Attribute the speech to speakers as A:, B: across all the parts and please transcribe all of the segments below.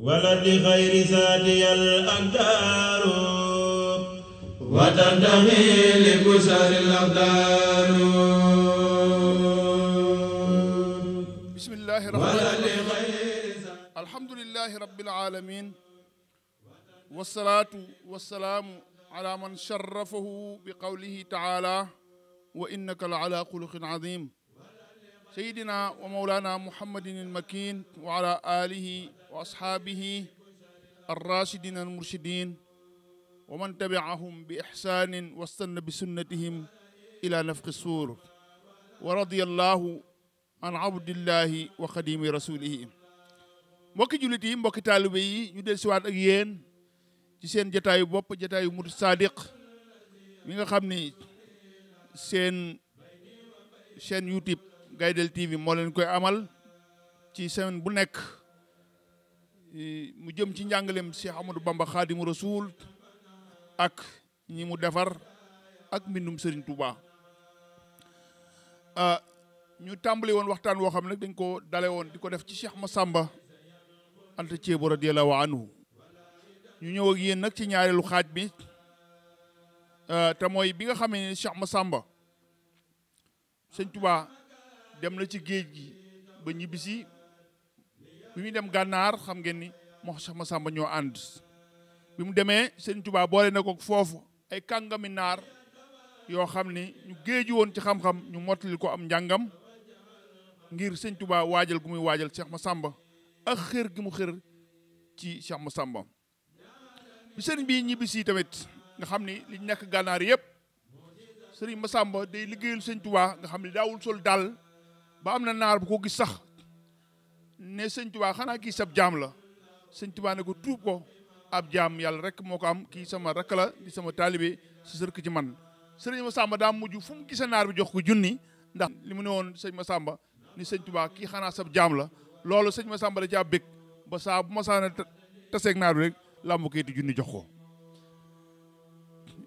A: ولد غير ذاتي الأقدار وتنتهي لكسر الأقدار بسم الله الرحمن الرحيم الحمد لله رب العالمين والصلاة والسلام على من شرفه بقوله تعالى وإنك لعلى خلق عظيم سيدنا ومولانا محمد المكين وعلى آله وأصحابه الراشدين المرشدين ومن تبعهم بإحسان واستنى بسنتهم إلى نفخ السور ورضي الله عن عبد الله وخديم رسوله موكي جولتي موكي تالوبي يدل سوات اغيين جسين جتاي بوب جتاي مرد صادق ميغا خامني سين سين يوتيوب غايدل تي في مولن كوي عمل تي سين بو mu jëm ci njàngaleem Cheikh Amadou Bamba Xaadimu Rasuul ak ñi mu defar ak mbindum sëriñ Touba ah, ñu tàmbali woon waxtaan woo xam ne dañ ko dale woon di ko def ci Cheikh Massamba Anta Ceebo a anhu ñu ñëw ak yéen nag ci ñaareelu xaaj bi ah, te bi nga xamee ne ma sàmba Sëñ Touba dem na ci géej gi ba ñibbisi bi muy dem gànnaar xam ngeen ni moo sax ma sàmba ñoo ànd bi mu demee sëñ Tuubaa boole na ko foofu ay kàngami naar yoo xam ni ñu géeju woon ci xam-xam ñu mottali ko am njàngam ngir sëñ Tuubaa waajal gu muy waajal ma sàmba a xër gi mu xër ci Cheikh Massamba bi sëriñ bi ñibbisi tamit nga xam ni li nekk gànnaar yëpp sëriñ Massamba day liggéeyal sëñ nga xam ni daawul sol daal ba am na naar bu ko gis sax ne sëñ tubaa xanaa kii sab jaam la sëñ tubaa ne ko tuub ko ab jaam yàlla rek moo ko am kii sama rakk la di sama taalibe si sërk ci man sëriñ Masamba daa mujj fu mu gisa naar bi jox ko junni ndax li mu ne woon sëñ Masamba ni sëñ tubaa kii xanaa sab jaam la loolu sëñ Masamba da caa bég ba saa bu masaana taseeg naar bi rek làmb kayitu junni jox ko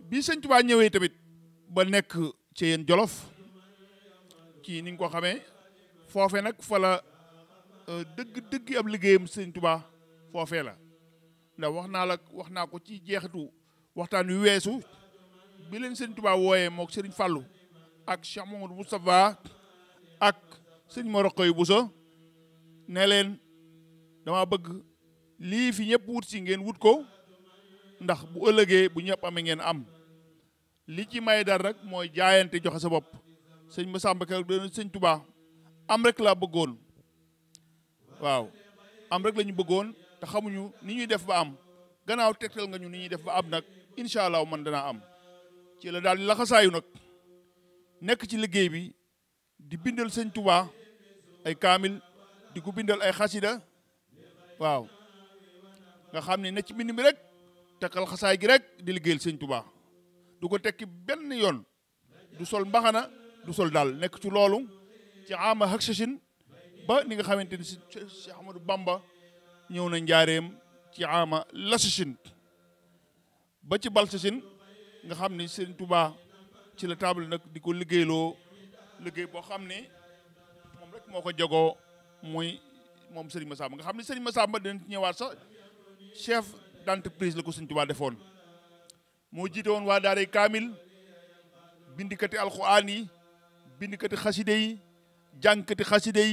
A: bi sëñ tubaa ñëwee tamit ba nekk ci yéen jolof ci ni nga ko xamee foofe nag fa Euh, dëgg dëgg ab liggéeyam sëñ tubaa foofee la ndax wax naa la wax naa ko ci jeexatu waxtaan wi weesu bi leen sëñ tubaa wooyee mook sëriñ fàllu ak Cheikh Mamadou Moustapha ak sëñ Morokoy Bousso ne leen dama bëgg lii fi ñëpp wut si ngeen wut ko ndax bu ëllëgee bu ñëpp amee ngeen am li ci may dal rek mooy jaayante joxe sa bopp sëñ Massamba Ka doon sëñ tubaa am rek laa bëggoon waaw am rek la ñu bëggoon te xamuñu ni ñuy def ba am gannaaw tegtal nga ñu ni ñuy def ba am nag incha allah man danaa am ci la daal di laxasaayu nag nekk ci liggéey bi di bindal sëñ Touba ay kaamil di ko bindal ay xasida waaw nga xam ni ne ci mbind mi rek tekkal xasaay gi rek di liggéey sëñ Touba du ko tekki benn yoon du sol mbaxana du sol daal nekk ci loolu ci ama haksashin ba ni nga xamante ni si Cheikh Ahmadou Bamba ñëw na njaareem ci ama Lassasine ba ci Balsasine nga xam ni Serigne Touba ci la table nag di ko liggéeyloo liggéey boo xam ne moom rek moo ko jagoo mooy moom Serigne Massamba nga xam ne Serigne Massamba dina ñëwaat sax chef d'entreprise la ko Serigne Touba defoon moo jiite woon waa daaray kaamil bindikati alxuraan yi bindikati xaside yi jànkati xaside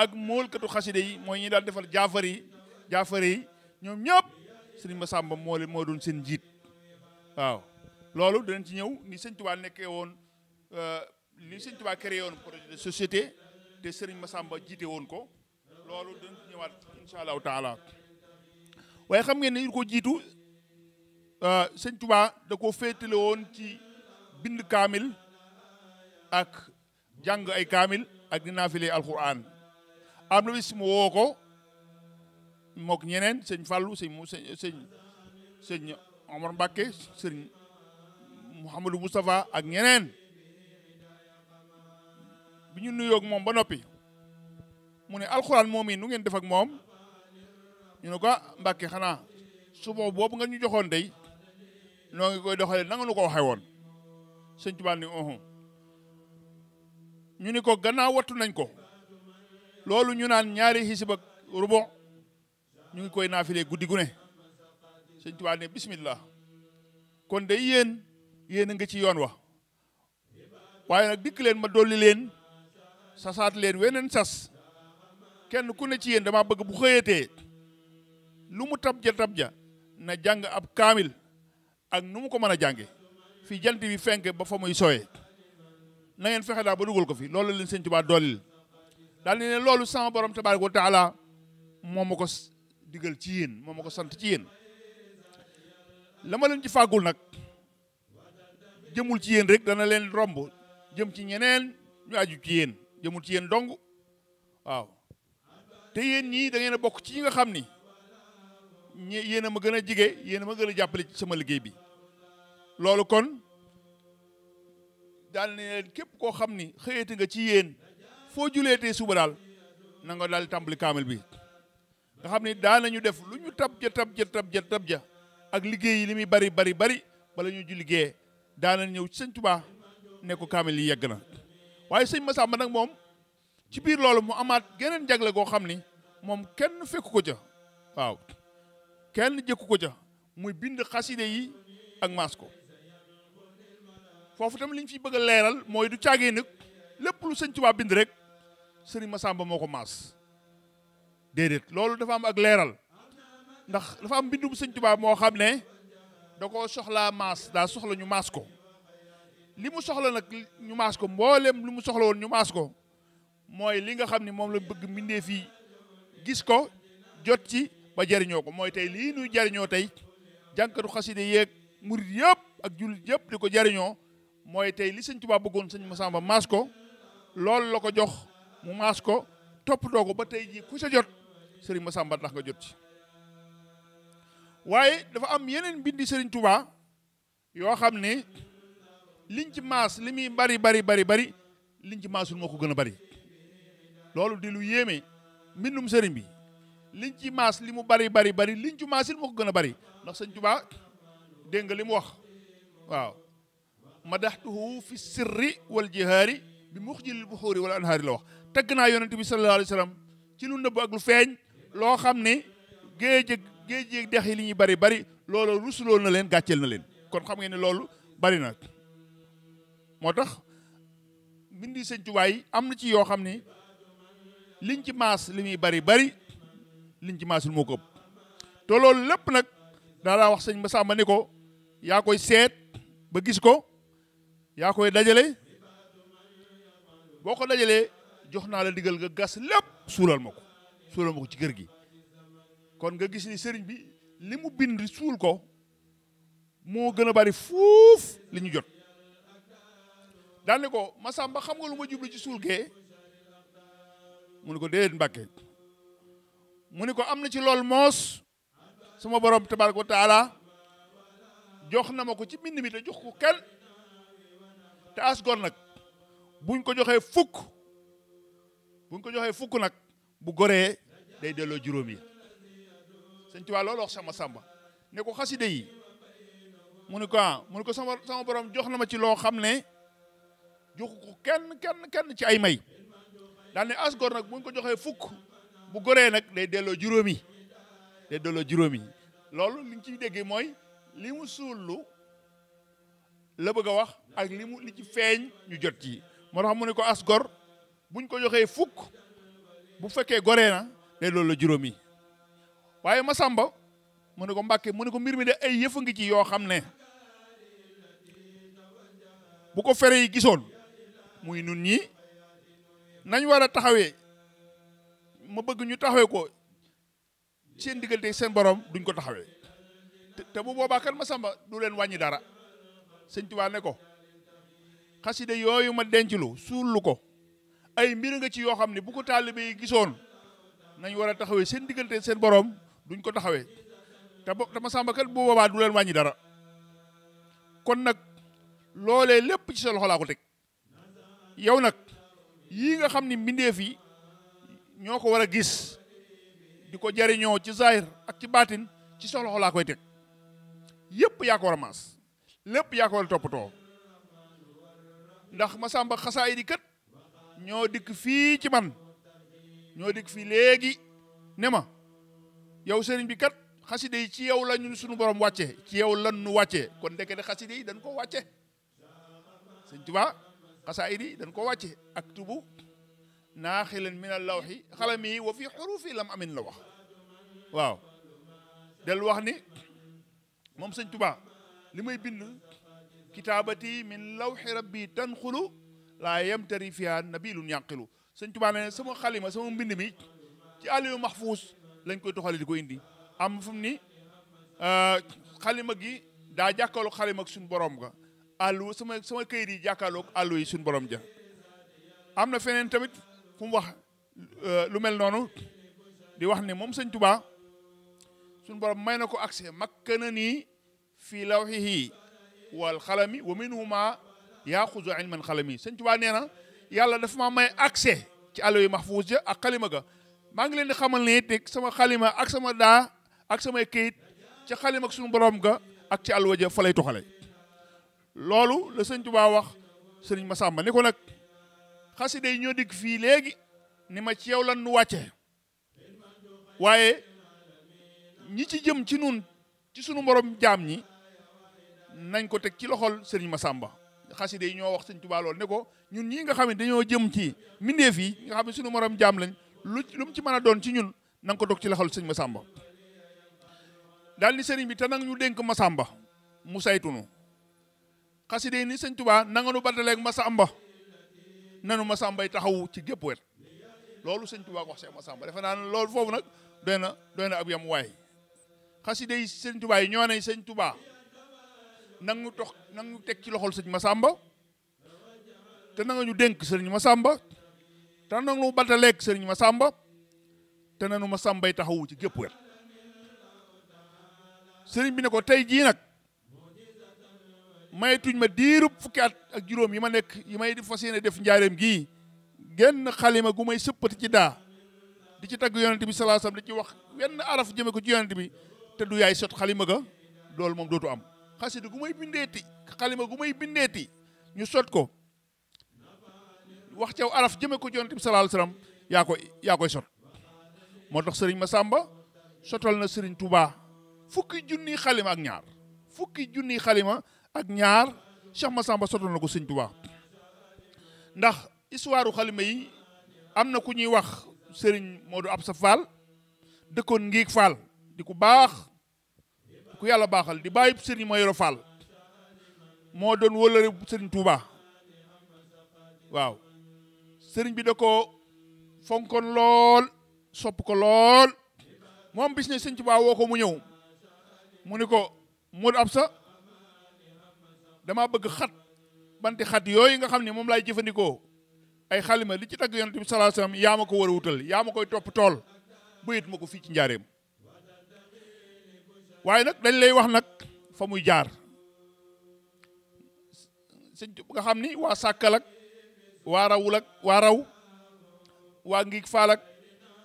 A: ak moolkatu xaside yi mooy ñu daal defal jaafar yi yi ñoom ñëpp sëriñ Masamba moo leen moo doon seen jiit waaw loolu dinañ ci ñëw ni sëñ Tuubaa nekkee woon li sëñ Tuubaa créé woon projet de société te sëriñ Masamba jiite woon ko loolu dinañ ci ñëwaat incha allahu taala waaye xam ngeen ni ko jiitu euh, sëñ Tuubaa da ko féetale woon ci bind kaamil ak jàng ay kaamil ak di naafile alquran am na bis mu woo ko mook ñeneen sëñ Fallou sëñ mu sëñ sëñ Omar Mbacke sëñ Mouhamadou Moustapha ak ñeneen bi ñu nuyoog moom ba noppi mu ne alxuraan moom yi nu ngeen def ak moom ñu ne ko ah, Mbacke xanaa suba boobu nga ñu joxoon day noo ngi koy doxalee nanga nu ko waxee woon sëñ Tuubaa ni ñu ni ko gannaaw wattu nañ ko loolu ñu naan ñaari xisib ak ñu ngi koy naafilee guddi gu ne sëñ Tuubaa ne bismillah kon day yéen yéen a nga ci yoon wa waaye nag dikk leen ma dolli leen sasaat leen weneen sas kenn ku ne ci yéen dama bëgg bu xëyatee lu mu tabja tabja na jàng ab kaamil ak nu mu ko mën a jànge fi jant bi fenk ba fa muy sowee na ngeen fexe daa ba dugal ko fi loolu leen sëñ Tuubaa dollil daal di loolu sama borom tabaaraka wa taala moom ma ko digal ci yéen moom ma ko sant ci yéen la leen ci fàggul nag jëmul ci yéen rek dana leen romb jëm ci ñeneen ñu aju ci yéen jëmul ci yéen dong waaw te yéen ñii da ngeen a bokk ci ñi nga xam ni ñi yéen ma gën a jige yéen ma gën a jàppale sama liggéey bi loolu kon daal leen képp koo xam ni xëyati nga ci yéen foo julee tee suba daal na daal tàmbali kaamil bi nga xam ne daa nañu def lu ñu tab ja tab ja tab ja ak liggéey yi li muy bari bari bari bala ñu julli gee daa ñëw ci sëñ Tuubaa ne ko kaamil yi yegg na waaye sëñ Massamba nag moom ci biir loolu mu amaat geneen jagle goo xam ni moom kenn fekku ko ca waaw kenn jëkku ko ca muy bind xaside yi ak maas ko foofu tam li ñu fi bëgg a leeral mooy du caagee nag lépp lu sëñ Tuubaa bind rek ma Massamba moo ko maas déedéet loolu dafa am ak leeral ndax dafa am mbindum Sëñ Tuubaa moo xam ne da ko soxlaa maas daa soxla ñu maas ko li mu soxla nag ñu maas ko mboolem li mu soxla woon ñu maas ko mooy li nga xam ni moom la bëgg mbindee fii gis ko jot ci ba jariñoo ko mooy tey lii nuy jariñoo tey jànkatu xaside yeeg murit yëpp ak jullit yëpp di ko jariñoo mooy tey li Sëñ Tuubaa bëggoon Sëñ Massamba maas ko loolu la ko jox mu maas ko toppatoo ko ba tey jii ku sa jot sëriñ ma Masamba ndax nga jot ci waaye dafa am yeneen bindi sëriñ Touba yoo xam ne liñ ci maas li muy bari bari bari bari liñ ci maasul moo ko gën a bari loolu di lu yéeme mbindum sëriñ bi ci maas li mu bari bari bari liñ ci maasil moo ko gën a bari ndax sëriñ Touba dégg nga li mu wax waaw madaxtuhu fi sirri wal jihaari bi muxjilil buxuuri wal anhaari la wax teg naa yonent bi sallallahu alayhi wa sallam ci lu nëbb ak lu feeñ loo xam ne géej ak géej ak dex yi li ñuy bari bari loolu rusuloo na leen gàcceel na leen kon xam ngeen ne loolu bari na moo tax mbindi sëñ Tuubaa am na ci yoo xam ne liñ ci maas li muy bari bari liñ ci maasul moo ko ëpp te loolu lépp nag daanaa wax sëñ Masamba ni ko yaa koy seet ba gis ko yaa koy dajale boo ko dajalee jox naa la digal nga gas lépp suulal ma ko suulal ma ko ci gër gi kon nga gis ni sëriñ bi li mu bind suul ko moo gën a bari fuuf li ñu jot daan ne ko Masamba xam nga lu ma jublu ci suul gee mu ne ko déedéet Mbàkke mu ni ko am na ci lool moos sama borom tabaraka wa taala jox na ma ko ci mbind mi te jox ko kenn te as nag buñ ko joxee fukk bu ñu ko joxee fukk nag bu goree day delloo juróom yi sëñ Tuubaa loolu wax sama sàmba ne ko xaside yi mu ne ko ah mu ne ko sama sama borom jox na ma ci loo xam ne joxu ko kenn kenn kenn ci ay may daal ne as gor nag bu ñu ko joxee fukk bu goree nag day delloo juróom yi day delloo juróom yi loolu li ñu ciy déggee mooy li mu lu la bëgg a wax ak li mu li ci feeñ ñu jot ci moo tax mu ne ko as gor buñ ko joxee fukk bu fekkee goree na loolu la juróom yi waaye Masamba mu ne ko Mbàkke mu ne ko mbir mi de ay yëfa ngi ci yoo xam ne bu ko fere yi gisoon muy nun ñii nañ war a taxawee ma bëgg ñu taxawee ko seen diggante seen borom duñ ko taxawee te bu boobaa ma Masamba du leen wàññi dara sëñ Tuubaa ne ko xaside yooyu ma denc lu suul ko ay mbir nga ci yoo xam ne bu ko taalibe yi gisoon nañ war a taxawee seen diggante seen boroom duñ ko taxawee te bo te Masamba kat bu boobaa du leen wàññi dara kon nag loolee lépp ci sa loxo ko teg yow nag yii nga xam ni mbindeef yi ñoo ko war a gis di ko jariñoo ci zahir ak ci baatin ci sa loxo laa koy teg yépp yaa ko war a maas lépp yaa ko war a toppatoo ndax Masamba xasaayid yi kat ñoo dikk fii ci man ñoo dikk fii léegi ne ma yow sëriñ bi kat xaside yi ci yow la ñun suñu borom wàcce ci yow lan nu wàcce kon de xaside yi dañ ko wàcce sëñ tuba xasaayid yi dañ ko wàcce ak tubu naaxilan min allawxi xalami wa fi hurufi lam amin la wax waaw del wax ni moom sëñ tuba li may bind kitabati min lawxi rabbi tankhulu laa yamtari fiha nabilun yàqilu sëñ Tuubaa ne sama xalima sama mbind mi ci aliyu maxfuus lañ koy toxale ko indi am fum mu ni euh, xalima gi daa jàkkaarloog xalima ak suñu borom ga àllu sama sama këyit yi jàkkaarloog àllu yi suñu borom ja am na feneen tamit fu wax euh, lu mel noonu di wax ne moom sëñ Tuubaa suñu borom may na ko accès makkanani fii lawhihi wal xalami wa minhuma yaa man xale mii sëñ Tuubaa nee na yàlla dafa ma may accès ci allo yi mahfuus ja ak xalima ga maa ngi leen di xamal ne it sama xalima ak sama daa ak samay kayit ci xalima ak suñu borom ga ak ci alwa ja fa lay toxale loolu la sëñ Tuubaa wax sëriñ sàmba ni ko nag xasida yi ñoo dikk fii léegi ni ma ci yow lan nu wàcce waaye ñi ci jëm ci nun ci sunu borom jaam ñi nañ ko teg ci loxol ma sàmba xasida yi ñoo wax sëñ Tuubaa lool ne ko ñun ñii nga xam ne dañoo jëm ci mbindeef yi nga xam ne suñu morom jaam lañ lu mu ci mën a doon ci ñun na nga ko dog ci loxol sëñ Masamba daal ni sëriñ bi te nag ñu dénk Masamba mu saytunu xasida yi ni sëñ Tuubaa nanga nu baddaleeg Masamba nanu Masamba yi taxawu ci gépp wet loolu sëñ Tuubaa ko wax Seex Masamba defe naa ne loolu foofu nag doy na doy na ab yam waay xasida yi sëñ Tuubaa yi ñoo ne sëñ Tuubaa Nangutok, ñu dox nang ci loxol sëñ Masamba te nangu ñu denk sëriñ Masamba te nangu ñu balta lekk sëriñ Masamba te nanu ay taxawu ci gep wet sëriñ bi ne ko ji nak may tuñ ma diirub fukki at ak juroom yi ma nekk yi may di fasiyene def njaareem gi genn khalima gumay seppati ci da di ci tag yonnati bi salaa wasallam di ci wax wenn araf jeme ko ci yonnati bi te du yaay sot khalima ga dol mom dotu am xasida gu may bindeeti xalima gu may bindeeti ñu sot ko wax caw araf jëme ko yonent bi sallallahu alayhi wasallam yaa koy sot moo tax sëriñ ma sàmba sotal na sëriñ Touba fukki junni xalima ak ñaar fukki junni xalima ak ñaar Cheikh Masamba sotal na ko sëriñ Touba ndax histoire xalima yi am na ku ñuy wax sëriñ Modou Absa Fall dëkkoon Ngiig Fall di ku baax ku yalla baxal di bàyyi sëriñ Mayoro Fall mo don wólëre serigne Touba waw serigne bi dako fonkon lol, sop ko lol mom bisne serigne Touba woko mu ñew mu ni ko Absa dama bëgg xat banti xat yoy nga xamni mom lay jëfëndiko ay xalima li ci tagg yonent bi sallallahu alayhi wasallam yaama ko wara wutal yaama koy top tol buyit mako fi ci ndiarem waaye nag dañ lay wax nag fa muy jaar sëñ nga xam ni waa sàkkal ak waa rawul ak waa raw ngiig faal ak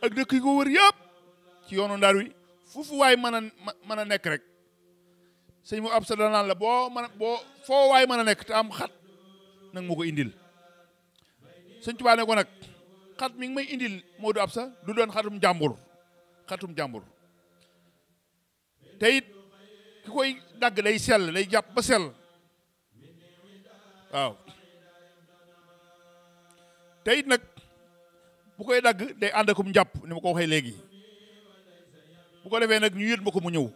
A: ak dëkk ko wër yëpp ci yoonu ndar wi foofu waay mën a mën a nekk rek sëñ mu ab sa danaan la boo mën boo foo waay mën a nekk te am xat nag mu ko indil sëñ Tuubaa ko nag xat mi ngi may indil moo du ab sa du doon xatum jàmbur xatum jàmbur te ki koy dagg day sell day jàpp ba sell waaw te nag bu koy dagg day ànd akum njàpp ni ma ko waxee léegi bu ko defee nag ñu yët ma ko mu ñëw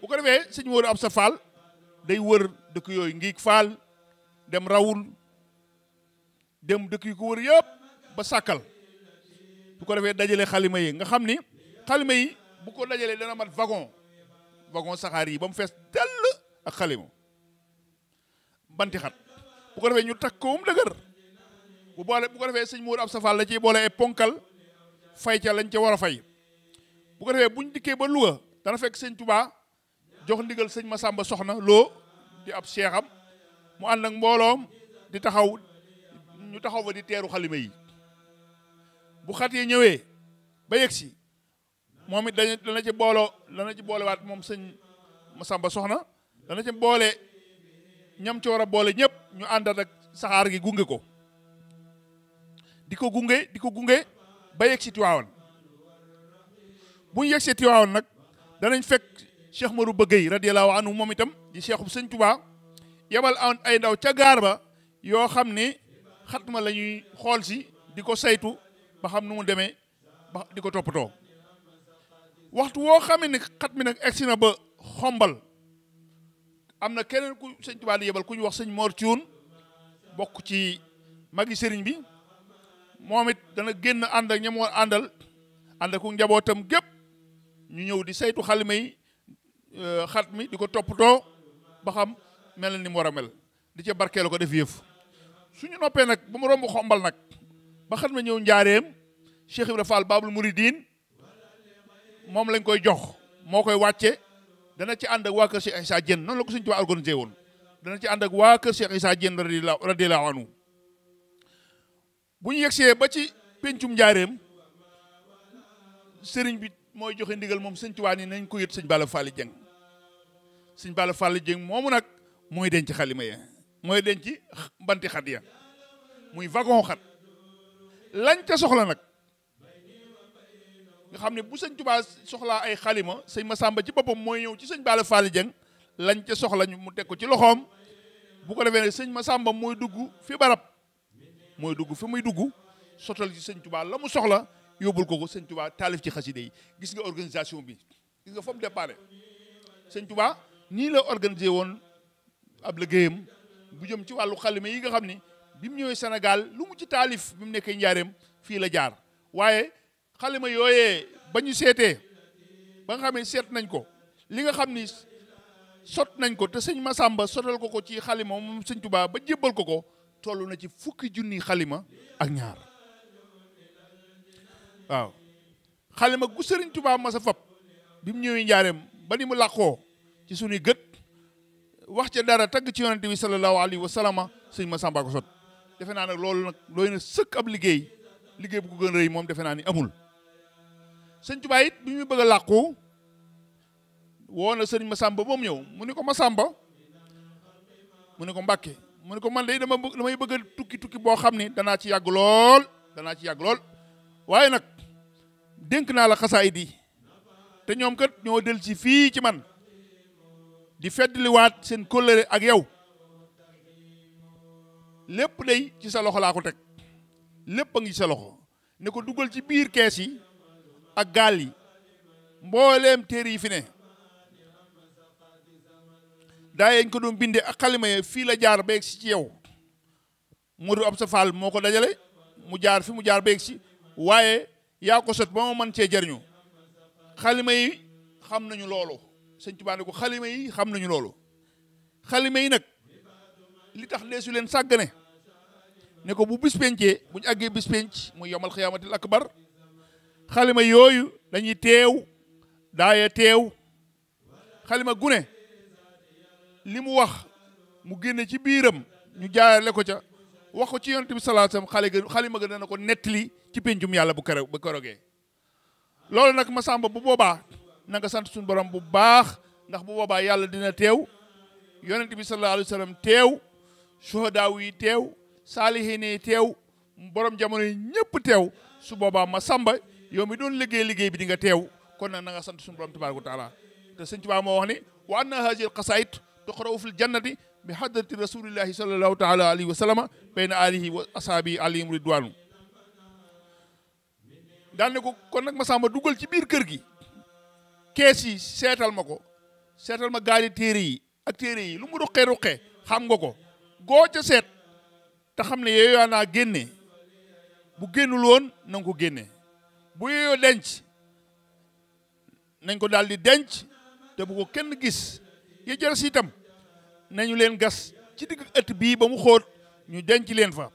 A: bu ko defee sëñ wóoru ab sa faal day wër dëkk yooyu ngiig faal dem rawul dem dëkk yu ko wër yépp ba sàkkal bu ko defee dajale xalima yi nga xam ni xalima yi bu ko dajalee dana mat wagon wagon saxaar yi ba mu fees dell ak xalima banti xat bu ko defee ñu takk ko dëgër bu boole bu ko defee sëñ Mourou Absa Fall la ciy boole ay ponkal fay ca lañ ca war a fay bu ko defee buñ dikkee ba Louga dana fekk sëñ Touba jox ndigal sëñ Massamba soxna loo di ab seexam mu ànd ak mbooloom di taxaw ñu taxaw fa di teeru xalima yi bu xat yi ñëwee ba yegsi moom it dana ci booloo dana ci boolewaat moom sëñ Masamba Soxna dana ci boole ñam ci war a boole ñëpp ñu àndal ak saxaar gi gunge ko di ko gunge di ko gunge ba yegg Tiwaawan bu ñu yegg si Tiwaawan nag danañ fekk Cheikh Maru Bëggey radiyallahu anhu moom itam di Cheikhub sëñ Tuubaa yebal an ay ndaw ca gaar ba yoo xam ne xatma la ñuy xool si di ko saytu ba xam nu mu demee ba di ko toppatoo waxtu woo xamee ni xat mi nag egsi na ba xombal am na keneen ku sëñ Tuubaa di yebal ku ñu wax sëñ Mor Cuun bokk ci magi sëriñ bi moom it dana génn ànd ak ñam war àndal ànd ku njabootam gépp ñu ñëw di saytu xalima yi euh, xat mi di ko toppatoo ba xam mel na ni mu war a mel di ca barkeelu ko def yëf suñu noppee nag ba mu romb xombal nag ba xat ma ñëw njaareem Cheikh Ibra Fall Babul Mouridine moom lañ koy jox moo koy wàcce dana ci ànd ak waa kër Cheikh Issa Diène noonu la ko Sëriñ Tuubaa organisé woon dana ci ànd ak waa kër Cheikh Issa Diène radiyallaahu anhu bu ñu yegsee ba ci pencum njaareem sëriñ bi mooy joxe ndigal moom Sëriñ Tuubaa ni nañ ko yët sëñ Balla Fally jën Sëriñ Balla Fally Dieng moomu nag mooy denc xalima ya mooy denc banti xat ya muy wagon xat lañ ca soxla nag nga xam ne bu sëñ tubaa soxlaa ay xalima ma sàmba ci boppam mooy ñëw ci sëñ Balla Fall Dieng lañ ca soxla ñu mu teg ko ci loxoom bu ko defee ne ma Masamba mooy dugg fi barab mooy dugg fi muy dugg sotal ci sëñ tubaa la mu soxla yóbbul ko ko sëñ tubaa taalif ci xaside yi gis nga organisation bi gis nga fa mu déparé sëñ tubaa nii la organisé woon ab liggéeyam bu jëm ci wàllu xalima yi nga xam ni bi mu ñëwee Sénégal lu mu ci taalif bi mu nekkee njaareem fii la jaar xalima yooye ba ñu seetee ba nga xam ne seet nañ ko li nga xam ni sot nañ ko te sëñ ma sàmba sotal ko ko ci xalima moom sëñ Tuubaa ba jébbal ko ko toll na ci fukki junni xalima ak ñaar waaw xalima gu sëriñ Tuubaa masa fab bi mu ñëwee njaareem ba ni mu làqoo ci suñuy gët wax ca dara tagg ci yonante bi sallallahu alayhi wa sallam sëñ Masamba ko sot defe naa nag loolu nag looy na sëkk ab liggéey liggéey bu ko gën rëy moom defe naa ni amul sëñ Tuubaa it bi muy bëgg a làqu woo na sëriñ Masamba moom ñëw mu ni ko ma sàmba mu ni ko Mbàkke mu ni ko man de dama bëgg damay bëgg a tukki tukki boo xam ni danaa ci yàgg lool danaa ci yàgg lool waaye nag dénk naa la xasaayid yi te ñoom kat ñoo del ci fii ci man di feddliwaat seen kóllëre ak yow lépp day ci sa loxo laa ko teg lépp a ngi sa loxo ne ko dugal ci biir kees yi ak gaal yi mbooleem téere yi fi ne daa yeñ ko doon bindee ak xalima yi fii la jaar beeg si ci yow Modou Absa Fall moo ko dajale mu jaar fi mu jaar beeg si waaye yaa ko sot ba ma mën cee jariñu xalima yi xam nañu loolu sëñ Tuubaa ne ko xalima yi xam nañu loolu xalima yi nag li tax deesu leen sàggane ne ko bu bis buñ bu ñu àggee bis penc muy yomal xiyaamatil akbar xalima yooyu dañuy teew daaya teew xalima gune li mu wax mu génne ci biiram ñu jaarale ko ca wax ci yonent bi sallallahu alayhi wasallam xale xalima ga dana ko nettali ci péncum yàlla bu kero bu kerogee loolu nag ma sàmba bu boobaa nanga sant suñ borom bu baax ndax bu boobaa yàlla dina teew yonent bi la alayhi wasallam teew suhadaaw yi teew saalihiin teew borom jamono yi ñëpp teew su boobaa Masamba yow mi doon liggéey liggéey bi di nga teew kon nag na nga sant suñu borom tabaaraka wa taala te sëñ Tuubaa moo wax ni wa anna haadihi al-qasaa'id tuqra'u fil jannati bi hadrati rasulillahi sallallahu taala alayhi wa sallama asaabi alayhim ridwaanu daal ne ko kon nag ma sàmba dugal ci biir kër gi kees yi seetal ma ko seetal ma gaali téere yi ak téere yi lu mu ruqee ruqee xam nga ko goo seet te xam ne yooyu naa génne bu génnul woon na ko génne bu yeyoo denc nañ ko daal di denc te bu ko kenn gis ya jël si itam nañu leen gas ci digg ëtt bii ba mu xóot ñu denc leen fa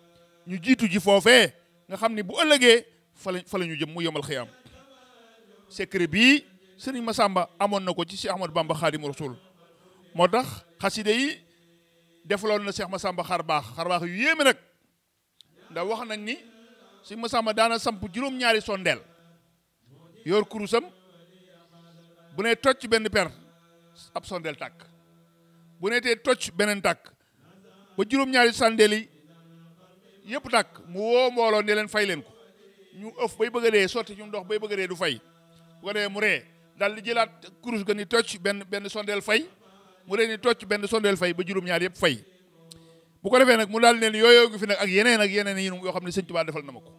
A: ñu jiitu ji foofee nga xam ni bu ëllëgee fa la fa la ñu jëm mu yomal xiyaam secret bii sëriñ Masamba amoon na ko ci Cheikh Ahmadou Bamba Xaadimu Rasul moo tax xaside yi defaloon na Cheikh Masamba xar baax xarbaax yu yéeme nag ndax wax nañ ni si masamba daana samp juróom-ñaari sondeel yor kurusam bu ne tocc benn per ab sondeel tàkk bu ne tee tocc beneen tàkk ba juróom-ñaari sondeel yi yëpp tàkk mu woo mbooloo ne leen fay leen ko ñu ëf bay bëgg a dee sotti ñu ndox bay bëgg a dee du fay bu ko dee mu ree daal di jëlaat kurus ga ni tocc benn benn sondeel fay mu ree ni tocc benn sondeel fay ba juróom-ñaari yëpp fay bu ko defee nag mu daal neen yooyoo gi fi nag ak yeneen ak yeneen yi yoo xam ne sëñ Tuubaa defal na ma ko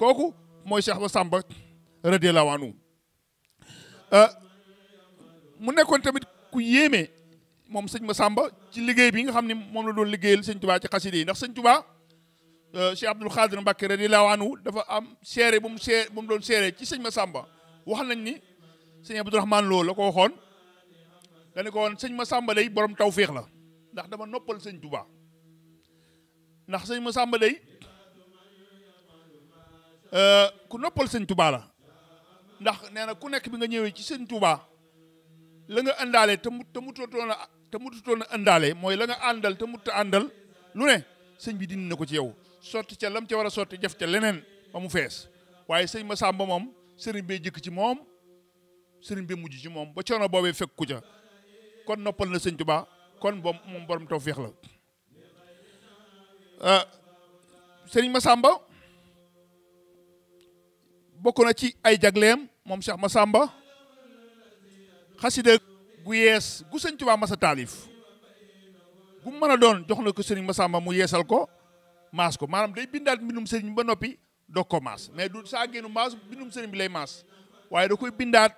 A: kooku mooy ma sàmba radiyallaahu anhu euh, mu nekkoon tamit ku yéeme moom sëñ Massamba ci liggéey bi nga xam ne moom la doon liggéeyal sëñ Tuubaa ci xaside yi ndax sëñ Tuubaa euh, Cheikh Abdoul Khadir Mbacké radiyallaahu anhu dafa am seere bu mu see doon seere ci sëñ sàmba wax nañ ni sëñ Abdourahmane Lo la ko waxoon dañu ko woon sëñ ma day borom tawféex la ndax dama noppal sëñ ndax sëñ Masamba day euh, ku noppal sëñ Touba la ndax nee na ku nekk bi nga ñëwee ci sëñ Touba la nga àndaale te mu te mu totoon te mu totoon a mooy la nga àndal te mut àndal lu ne sëñ bi dindi na ko ci yow sotti ca lam ca war a sotti jëf ca leneen ba mu fees waaye sëñ ma Masamba moom sëriñ bee jëkk ci moom sëriñ bi mujj ci moom ba coono boobee fekk ku ca kon noppal na sëñ tubaa kon boom moom borom tawfeex la Euh, sëriñ Massamba bokk na ci ay jagleem moom ma sàmba xasida gu yees gu sëñ Tuubaa masa taalif gu mën a doon jox na ko sëriñ Massamba mu yeesal ko maas ko maanaam day bindaat mbindum sëriñ ba noppi doog ko maas mais du saa génnu maas bindum sëriñ bi lay maas waaye da koy bindaat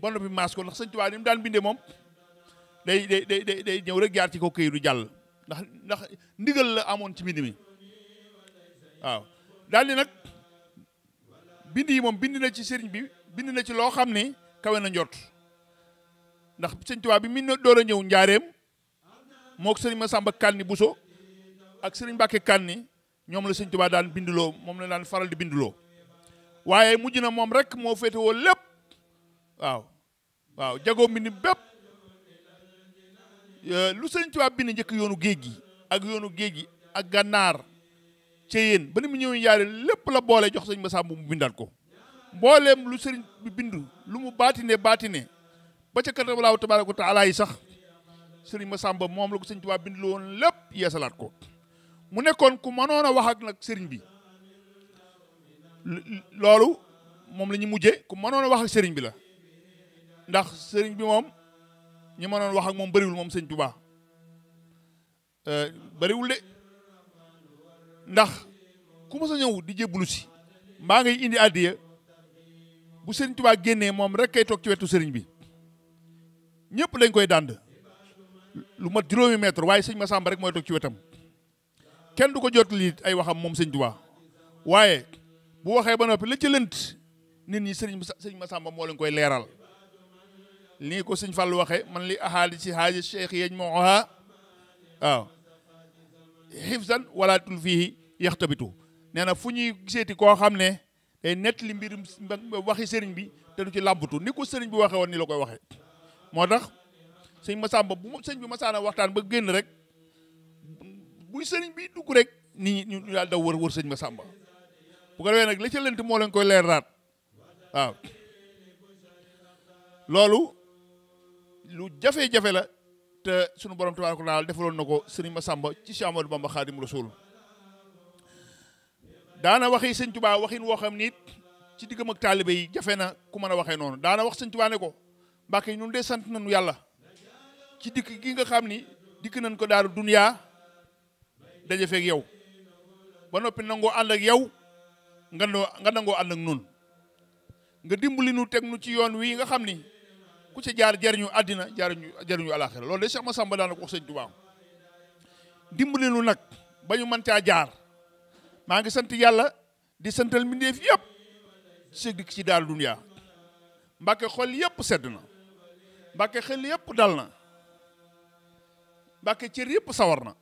A: ba noppi maas ko ndax sëñ Tuubaa ni mu daan bindee moom day day day day ñëw rek jaar ci ko këy du jàll ndax ndigal la amoon ci mbind mi waaw daal di nag bind yi moom bind na ci sëriñ bi bind na ci loo xam ni kawe na njort ndax sëñ Tuubaa bi min na door a ñëw njaareem mook ma Masamba Kanni Buso ak sëriñ Mbàkke Kanni ñoom la sëñ Tuubaa daan binduloo moom la daan faral di binduloo waaye mujj na moom rek moo féetewoo lépp waaw waaw jagoo mbind bépp Euh, lu sëñ Tuubaa bind njëkk yoonu géej gi ak yoonu géej gi ak gànnaar ca yéen ba ni mu ñëwee yaare lépp la boole jox sëñ Masamba mu bindaat ko mbooleem lu sëriñ bi bind lu mu baatine baatine ba ca katam laahu tabaaraka wa taala yi sax sëriñ Masamba moom la ko sëñ Tuubaa bind lu woon lépp yeesalaat ko mu nekkoon ku mënoon a wax ak nag sëriñ bi loolu moom la ñu mujje ku mënoon a wax ak sëriñ bi la ndax sëriñ bi moom ñi ma doon wax ak moom bëriwul moom sëñ Touba euh, bëriwul de ndax ku ma sa ñëw di jébbalu si mbaa ngay indi addiya bu sëñ tubaa génnee moom rek ay toog ci wetu sëriñ bi ñëpp dañ koy dànd lu ma juróomi mètre waaye sëñ ma Massamba rek mooy toog ci wetam kenn du ko jot lii ay waxam moom sëñ Touba waaye bu waxee ba noppi la ca lënt nit ñi sëriñ sëriñ Massamba moo leen koy leeral li ko sëñ fal waxe man li ahaadi si haaji cheikh yeñ mooha waaw xifsan wala tul fii yaxtabitu nee na fu ñuy giseeti koo xam ne day nett li mbirum waxi sëriñ bi te du ci làmbatu ni ko sëriñ bi waxe woon ni la koy waxe moo tax sëñ Masamba bu sëñ bi masaana waxtaan ba génn rek buy sëriñ bi dugg rek nit ñi ñu daal daw wër wër sëñ sàmba bu ko defee nag la ca moo leen koy leer raat waaw loolu lu jafe-jafe la te sunu borom tabaaraka wa taala defaloon na ko sëriñ Massamba ci Cheikh Amadou Bamba Xaadim Rasul daana waxi sëñ Tuubaa waxin woo xam nit ci diggam ak taalibe yi jafe na ku mën a waxee noonu daana wax sëñ Tuubaa ne ko Mbàkke ñun de sant na nu yàlla ci dikk gii nga xam ni dikk nañ ko daaru duniyaa daje feeg yow ba noppi nangoo ànd ak yow nga nga nangoo ànd ak nun nga dimbali nu teg nu ci yoon wi nga xam ni ku ci jaar jariñu àddina jariñu jariñu alaxira loolu de Cheikh Massamba daana ko wax sëñ Tuubaa dimbali nu nag ba ñu mën caa jaar maa ngi sant yàlla di santal mbindeef yëpp si dikk ci daal duniyaa mbàkke xol yëpp sedd na mbàkke xel yëpp dal na mbàkke cër yëpp sawar na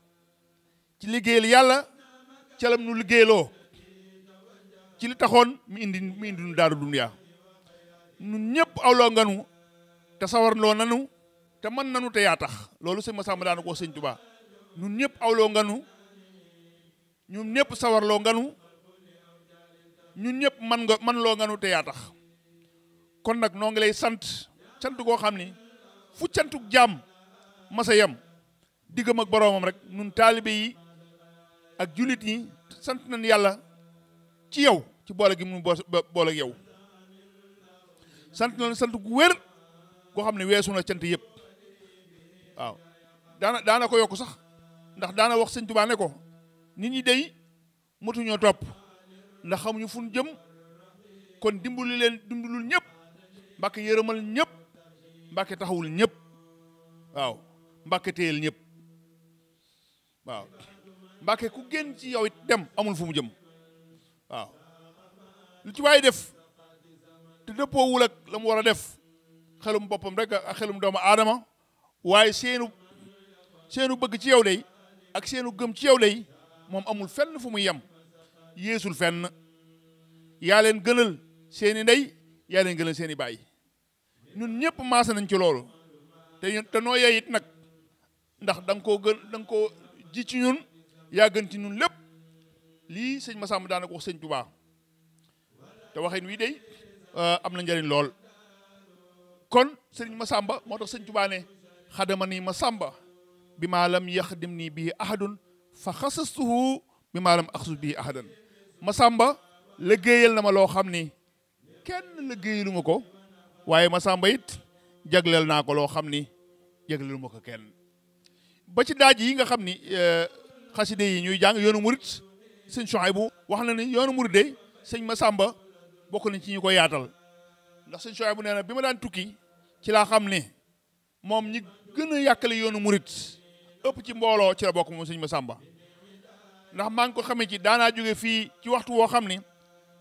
A: ci liggéeyal yàlla calam nu liggéeyloo ci li taxoon mu indi mu indi nu daaru duniyaa nun ñëpp awloo nganu te sawarloo nanu te mën nanu te yaa tax loolu sëñ Masamba daanu koo sëñ Tuubaa ñun ñëpp awloo nganu ñun ñëpp sawarloo nganu ñun ñëpp man nga man nganu te yaa tax kon nag noo ngi lay sant santu koo xam ni fu cantuk jaam masa yem diggam ak boroomam rek nun taalibe yi ak jullit yi sant nañ yàlla ci yow ci boole gi mu boole ak yow sant nañ sant wér goo xam ne weesu na cant yëpp waaw daana daana ko yokk sax ndax daana wax sëñ Tuubaa ne ko nit ñi dey motuñoo topp ndax xamuñu fu jëm kon dimbali leen dimbalul ñëpp mbàkke yërëmal ñëpp mbàkke taxawul ñëpp waaw mbàkke téyel ñëpp waaw mbàkke ku génn ci yow it dem amul fu mu jëm waaw lu ci waay def te dëppoowul ak la mu war a def xelum boppam rek ak xelum doomu aadama waaye seenu seenu bëgg ci yow day ak seenu gëm ci yow day moom amul fenn fu muy yem yéesul fenn yaa leen gënal seeni ndey yaa leen gënal seeni baay ñun ñëpp maase nañ ci loolu te te noo yey nag ndax da nga koo gën da koo ji ci ñun yaa gën ci lépp lii sëñ Massamba daanaka wax sëñ Touba te waxin wii day euh, am na njëriñ lool. kon ma Masamba moo tax sëñ Tuubaa ne ni ma Masamba bi maa lam yaxdim nii bii ahadun fa xasastuhu bi maa lam axsus bii ahadan Masamba na ma loo xam ni kenn liggéeyalu ma ko waaye Masamba it jagleel naa ko loo xam ni jagleelu ma ko kenn ba ci daaj yi nga xam ni e, xaside yi ñuy jàng yoonu murit sëñ bu wax na ni yoonu murit de sëñ Masamba bokk nañ ci ñu ko yaatal ndax sëñ Chouaïbou nee na bi ma daan tukki ci laa xam ne moom ñi gën a yàkkale yoonu murit ëpp ci mbooloo ci la bokk moom ma Massamba ndax maa ngi ko xamee ci daanaa jóge fii ci waxtu woo xam ni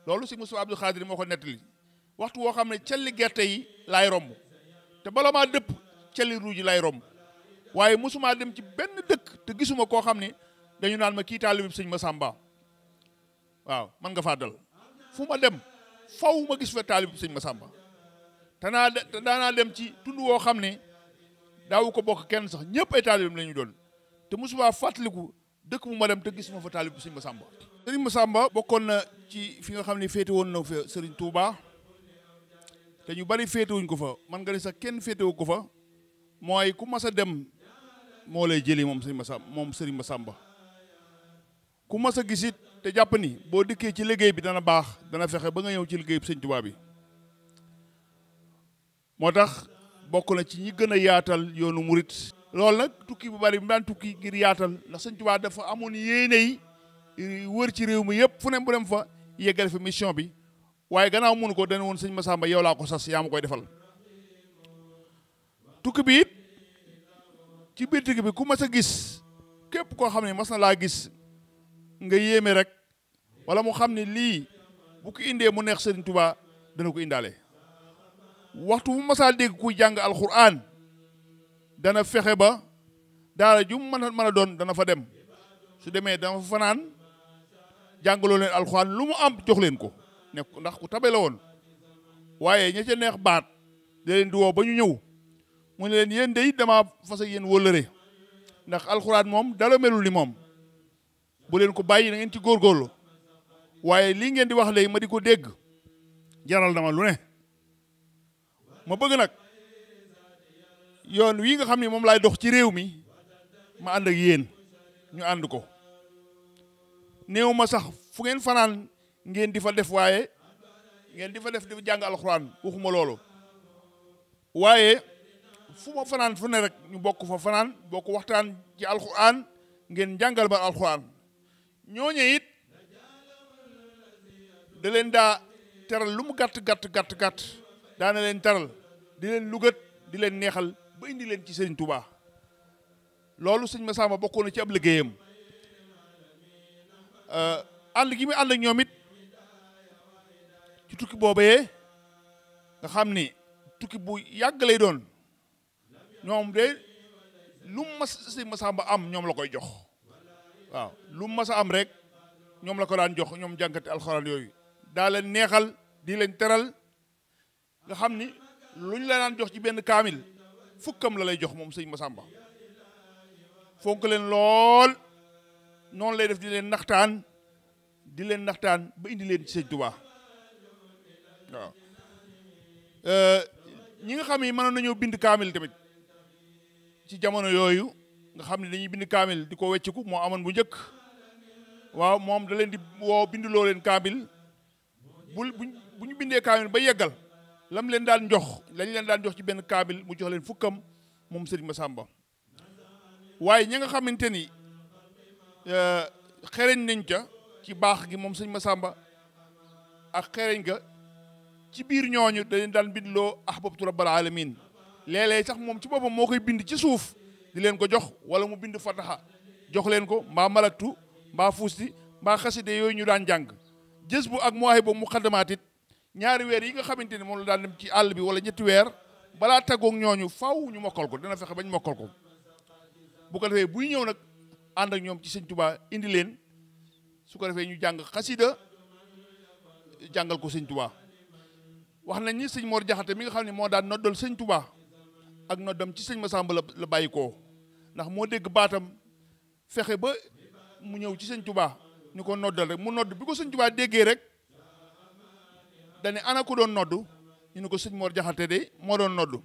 A: loolu sëñ Moustapha Abdou Khadir moo ko nettali waxtu woo xam ne celli gerte yi laay romb te bala maa dëpp celli ruuj lay romb waaye mosumaa dem ci benn dëkk te gisuma koo xam ni dañu naan ma kii taalibe bi sëñ Massamba waaw man nga faa dal fu ma dem faw ma gis fa taalibe bi ma Massamba tanaa te daanaa dem ci tund woo xam ne daawu ko bokk kenn sax ñëpp ay taalibam la ñu doon te mosuma fàttaliku dëkk mu ma dem te gis ma fa taalib sëñ Massamba sëriñ Massamba bokkoon na ci fi nga xam ne féete woon na fa sëriñ Touba te bari féetewuñ ko fa man nga ne sax kenn féetewu ko fa mooy ku mas a dem moo lay jëli moom sëriñ Massamba moom sëriñ Massamba ku mas a gisit te jàpp ni boo dikkee ci liggéey bi dana baax dana fexe ba nga ñëw ci liggéey bi sëñ Touba bi moo tax bokk na ci ñi gën a yaatal yoonu murit loolu nag tukki bu bari bi daan tukki ngir yaatal ndax sëñ Tuubaa dafa amoon yéene yi wër ci réew mi yëpp fu ne bu dem fa yeggale fa mission bi waaye gannaaw mënu ko dana woon sëñ Massamba yow laa ko sas yaa ma koy defal tukki bi it ci biir tukki bi ku mas gis képp koo xam ne mas na laa gis nga yéeme rek wala mu xam ne lii bu ko indee mu neex sëriñ Tuubaa dana ko indaale waxtu bu masaa dégg kuy jàng alxuraan dana fexe ba daara ju mën a mën a doon dana fa dem su demee dana fa fanaan jàngaloo leen alxuraan lu mu am jox leen ko ne ndax ku tabe woon waaye ña ca neex baat da leen di woo ba ñu ñëw mu ne leen yéen day dama fas yéen wólëre ndax alxuraan moom dala melul ni moom bu leen ko bàyyi nangeen ngeen ci góorgóorlu waaye lii ngeen di wax léegi ma di ko dégg jaral na lu ne ma bëgg nag yoon wii nga xam ne moom laay dox ci réew mi ma ànd ak yéen ñu ànd ko néew ma sax fu ngeen fanaan ngeen di fa def waaye ngeen di fa def di jàng alxuraan waxuma loolu waaye fu fanaan fu ne rek ñu bokk fa fanaan bokk waxtaan ci alxuraan ngeen jàngal ba alxuraan ñooñu it da leen daa teral lu mu gàtt gàtt gàtt gàtt daana leen taral di leen lugat di leen neexal ba indi leen ci sëriñ tubaa loolu sëñ Massamba bokkoon na ci ab liggéeyam euh, ànd gi mu ànd ak ñoom it ci tukki boobee nga xam ni tukki bu yàgg lay doon ñoom de lu mas sëñ Massamba am ñoom la koy jox waaw lu mas a am rek ñoom la ko daan jox ñoom jànkati alxuraan yooyu daa leen neexal di leen teral nga xam ni lu ñu la daan jox ci benn kaamil fukk fukkam la lay jox moom sëñ Masamba fonk leen lool noonu lay def di leen naxtaan di leen naxtaan ba indi leen ci sëñ Tuubaa eh, ñi nga xam ni mënoon nañoo bind kaamil tamit ci jamono yooyu nga xam ne dañuy bind kaamil di ko wecciku moo amoon bu njëkk waaw moom da leen di woo binduloo leen kaamil bul bu ñu bindee kaamil ba yeggal lam leen daan jox lañu leen daan jox ci benn kaabil mu jox leen fukkam moom sëriñ Masamba waaye ñi nga xamante ni euh, xereñ nañ ca ci baax gi moom sëriñ sàmba ak xereñ ga ci biir ñooñu dañ daan bindloo ahbabtu rabbal alamin léeg-léeg sax moom ci boppam moo koy bind ci suuf di leen ko jox wala mu bind fataxa jox leen ko mbaa malaktu mbaa fuusti mbaa xaside yooyu ñu daan jàng jës bu ak mu waaye boobu mu xaddamaatit ñaari weer yi nga xamante ni moom la daan dem ci àll bi wala ñetti weer balaa taggoog ñooñu faw ñu mokkal ko dana fexe bañ mokkal ko bu ko defee buy ñëw nag ànd ak ñoom ci sëñ tubaa indi leen su ko defee ñu jàng xasida jàngal ko sëñ tubaa wax nañ ni sëñ Mor Jaxate mi nga xam ne moo daan noddal sëñ tubaa ak noddam ci sëñ Masamba la la bàyyi koo ndax moo dégg baatam fexe ba mu ñëw ci sëñ tubaa ñu ko noddal rek mu nodd bi ko sëñ tubaa déggee rek dane ana ku doon noddu ñu ne ko sëñ moor Jaxate de moo doon noddu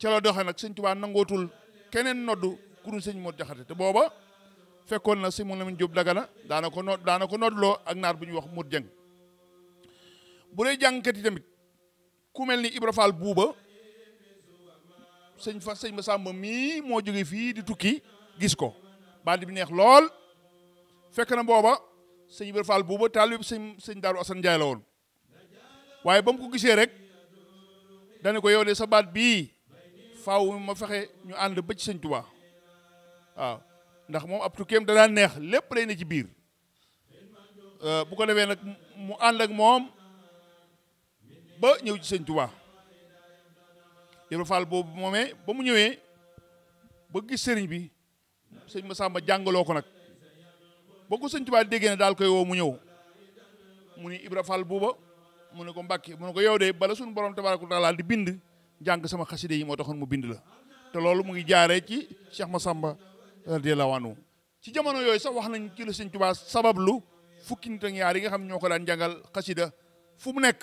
A: ca la nag sëñ Tuubaa nangootul keneen noddu ku dul sëñ Mor Jaxate te booba fekkoon na si mu Lamin Jóob Dagana daana ko nod daana ko noddloo ak naar bu ñuy wax moor Jëng bu dee jàngkat yi tamit ku mel ni Ibra Fall buuba sëñ fa sëñ Masamba mii moo jóge fii di tukki gis ko bandi bi neex lool fekk na booba sëñ Ibra Fall buuba taalibe sëñ sëñ Daaru Asan Njaay la woon waaye ba mu ko gisee rek dana ko yow de sa baat bii faaw ma fexe ñu ànd ba ci sëñ Tuubaa waaw ndax moom ab tukkeem danaa neex lépp lay ne ci biir euh, bu ko defee nag mu ànd ak moom ba ñëw ci sëñ Tuubaa Ibra Fall boobu moomee ba mu ñëwee ba gis sëriñ bi sëñ Masamba jàngaloo ko nag boo ko sëñ Tuubaa déggee ne daal koy woo mu ñëw mu ni Ibra Fall booba mu ne ko Mbàkke mu ne ko yow de bala sun borom tabaraku taala di bind jang sama xaside yi mo taxoon mu bind la te lolou mu ngi jare ci Cheikh Massamba radiyallahu anhu ci jamono yoy sax wax nañ ci la Sëñ sabab lu fukki nit ak ñaar yi nga xam ñoko daan jangal xasida fu mu nek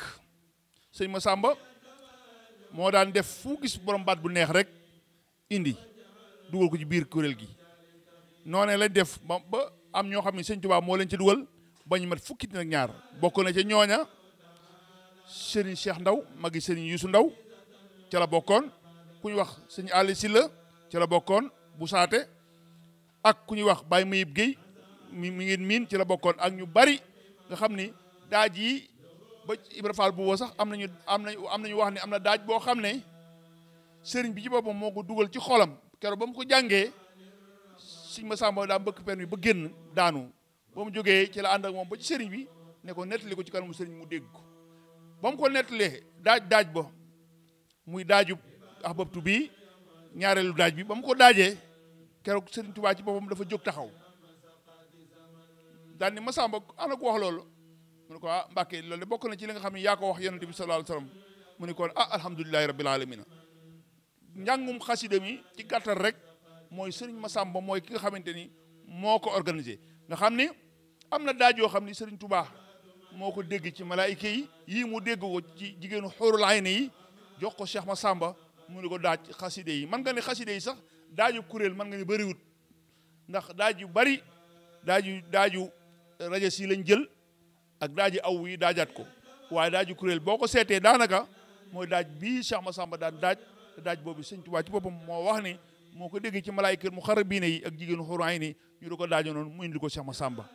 A: seigne Massamba mo daan def fu gis borom bat bu neex rek indi duggal ko ci biir kurel gi noné la def ba am ñoo xamni seigne touba mo leen ci duggal bañu mat fukki nit ñaar bokku na ci ñoña sëriñ Cheikh Ndaw magi sëriñ Yuusu Ndaw ca la bokkoon ku ñu wax sëñ Aliou Sylla ca la bokkoon bu saate ak ku ñuy wax Baye Mayib Guèye mi mi ngeen miin ci la bokkoon ak ñu bari nga xam ni daaj yi ba Ibra Fall bu woo sax am nañu am nañu am nañu wax ni am na daaj boo xam ne sëriñ bi ci boppam moo ko dugal ci xolam keroog ba mu ko jàngee sëñ ma sàmba daa mbëkk pen bi ba génn daanu ba mu jógee ci la ànd ak moom ba ci sëriñ bi ne ko nettali ko ci kanamu sëriñ mu dégg ko ba mu ko nettalee daaj daaj ba muy daaju Ahbabtu bi ñaareelu daaj bi ba mu ko daajee keroog Serigne Touba ci boppam dafa jóg taxaw daal ni Masamba ana ko wax loolu mu ko ah Mbàkke loolu bokk na ci li nga xam ne yaa ko wax yonente bi sallallahu alayhi wa sallam mu ne kon ah alhamdulilahi rabbil alamina njàngum xasida mi ci gàttal rek mooy Serigne Masamba mooy ki nga xamante ni moo ko organisé nga xam ni am na daaj yoo xam ni Serigne Touba moo ko dégg ci malaayika yi yii mu dégg ko ci jigéenu xóorul ayni yi jox ko Cheikh samba mu ne ko daaj xaside yi man nga ne xaside yi sax daaju kuréel man nga ne bëriwut ndax daaj yu bari daaju daaju rajo si lañ jël ak daaji aw yi daajaat ko waaye daaju kuréel boo ko seetee daanaka mooy daaj bii Cheikh samba daan daaj daaj boobu Sëñ Tuubaa ci boppam moo wax ni moo ko dégg ci malaayika mu xarabiine yi ak jigéenu xóorul ayni yi ñu di ko daajo noonu mu indi ko Cheikh Massamba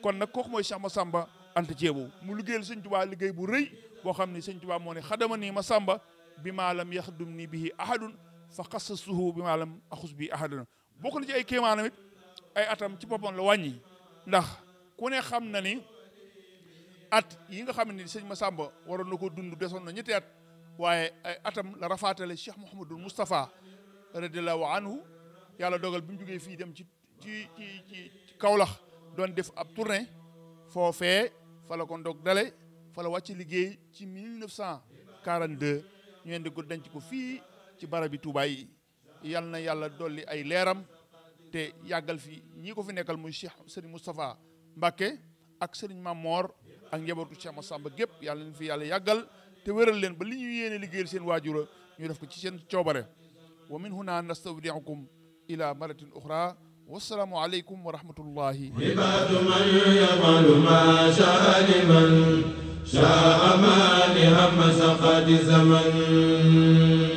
A: kon nag kooku mooy Cheikh anta ceebu mu liggéeyal sëñ tubaa liggéey bu rëy boo xam ne sëñ tubaa moo ne xadama nii ma sàmba bi maalam yaxdum ni bihi ahadun fa xasasuhu bi maalam axus bi ahadun bokk na ci ay kéemaanam it ay atam ci boppam la wàññi ndax ku ne xam na ni at yi nga xam ni sëñ ma sàmba waroon na ko dund desoon na ñetti at waaye ay atam la rafaatale Cheikh Mouhamadul Moustapha radiallahu anhu yàlla dogal bi mu jógee fii dem ci ci ci ci Kaolack doon def ab tournée foofee fa la ko ndog dale fa la liggéey ci 1942 ñu indi ko denc ko fii ci barabi Touba yi yal na yàlla dolli ay leeram te yàggal fi ñi ko fi nekkal muy Cheikh Serigne Moustapha mbakke ak Serigne Mamor ak njabootu Cheikh Massamba gépp yàlla leen fi yàlla yàggal te wéral leen ba li ñu yéene liggéeyal seen waajura ñu def ko ci seen coobare wa min huna nastawdi'ukum ila maratin ukhra والسلام عليكم ورحمة الله عباد من يفعل ما شاء لمن شاء ما لهم سقط زمن